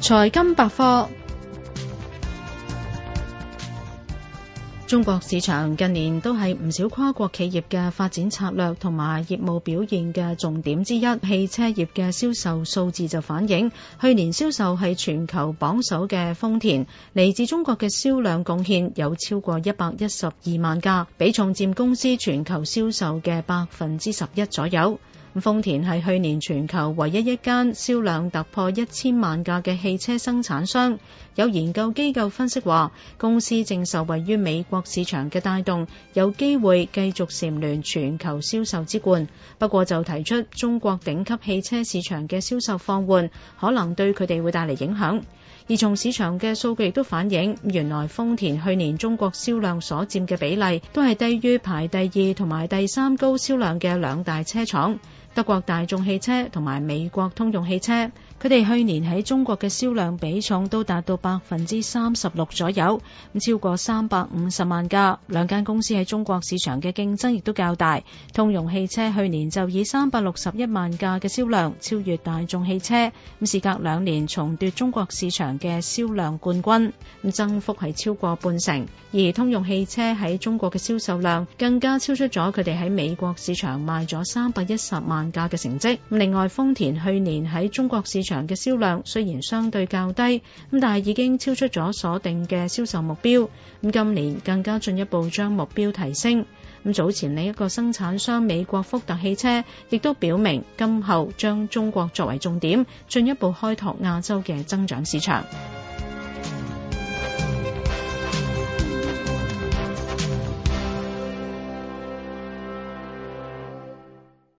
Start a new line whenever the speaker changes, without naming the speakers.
財金百科。中國市場近年都係唔少跨國企業嘅發展策略同埋業務表現嘅重點之一。汽車業嘅銷售數字就反映，去年銷售係全球榜首嘅豐田，嚟自中國嘅銷量貢獻有超過一百一十二萬架，比重佔公司全球銷售嘅百分之十一左右。豐田係去年全球唯一一間銷量突破一千萬架嘅汽車生產商。有研究機構分析話，公司正受惠於美國市場嘅帶動，有機會繼續蟬聯全球銷售之冠。不過，就提出中國頂級汽車市場嘅銷售放緩，可能對佢哋會帶嚟影響。而從市場嘅數據亦都反映，原來豐田去年中國銷量所佔嘅比例，都係低於排第二同埋第三高銷量嘅兩大車廠。德國大眾汽車同埋美國通用汽車，佢哋去年喺中國嘅銷量比重都達到百分之三十六左右，超過三百五十萬架。兩間公司喺中國市場嘅競爭亦都較大。通用汽車去年就以三百六十一萬架嘅銷量超越大眾汽車，咁事隔兩年重奪中國市場嘅銷量冠軍，咁增幅係超過半成。而通用汽車喺中國嘅銷售量更加超出咗佢哋喺美國市場賣咗三百一十萬。價嘅成績。另外，豐田去年喺中國市場嘅銷量雖然相對較低，咁但係已經超出咗鎖定嘅銷售目標。咁今年更加進一步將目標提升。咁早前另一個生產商美國福特汽車亦都表明，今後將中國作為重點，進一步開拓亞洲嘅增長市場。